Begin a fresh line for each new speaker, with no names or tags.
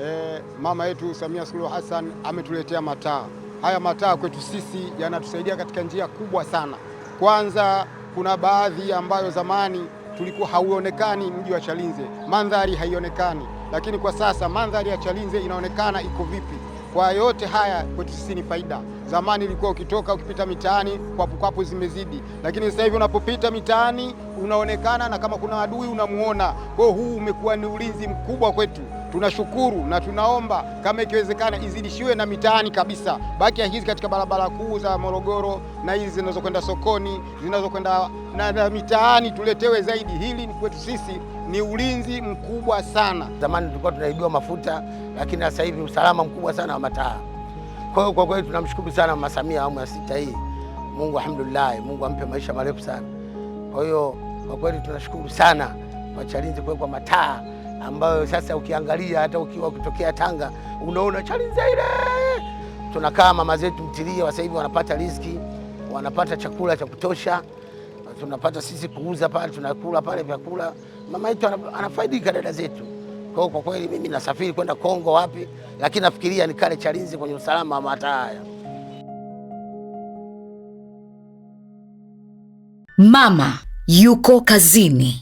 e, mama yetu Samia Suluhu Hassan ametuletea mataa haya. Mataa kwetu sisi yanatusaidia katika njia kubwa sana. Kwanza kuna baadhi ambayo zamani tulikuwa hauonekani mji wa Chalinze, mandhari haionekani, lakini kwa sasa mandhari ya Chalinze inaonekana iko vipi. Kwa yote haya kwetu sisi ni faida. Zamani ilikuwa ukitoka ukipita mitaani kwapukwapu zimezidi, lakini sasa hivi unapopita mitaani unaonekana, na kama kuna adui unamuona. Kwa hiyo huu umekuwa ni ulinzi mkubwa kwetu tunashukuru na tunaomba kama ikiwezekana izidishiwe na mitaani kabisa, baki ya hizi katika barabara kuu za Morogoro na hizi zinazokwenda sokoni zinazokwenda na, na mitaani tuletewe zaidi. Hili kwetu sisi ni ulinzi mkubwa sana.
Zamani tulikuwa tunaibiwa mafuta, lakini sasa hivi usalama mkubwa sana wa mataa. Kwa hiyo kwa kweli tunamshukuru sana Mama Samia awamu ya sita hii, Mungu alhamdulillah, Mungu ampe maisha marefu sana. Kwa hiyo kwa kweli tunashukuru sana kwa chalinzi kuwekwa mataa ambayo sasa ukiangalia hata ukiwa ukitokea Tanga unaona Chalinze ile tunakaa mama zetu mtilia, sasa hivi wanapata riziki, wanapata chakula cha kutosha, tunapata sisi kuuza pale, tunakula pale vyakula, mama yetu anafaidika, dada zetu. Kwa kwa kweli mimi nasafiri kwenda Kongo wapi, lakini nafikiria nikale Chalinze kwenye usalama wa haya Mama yuko kazini.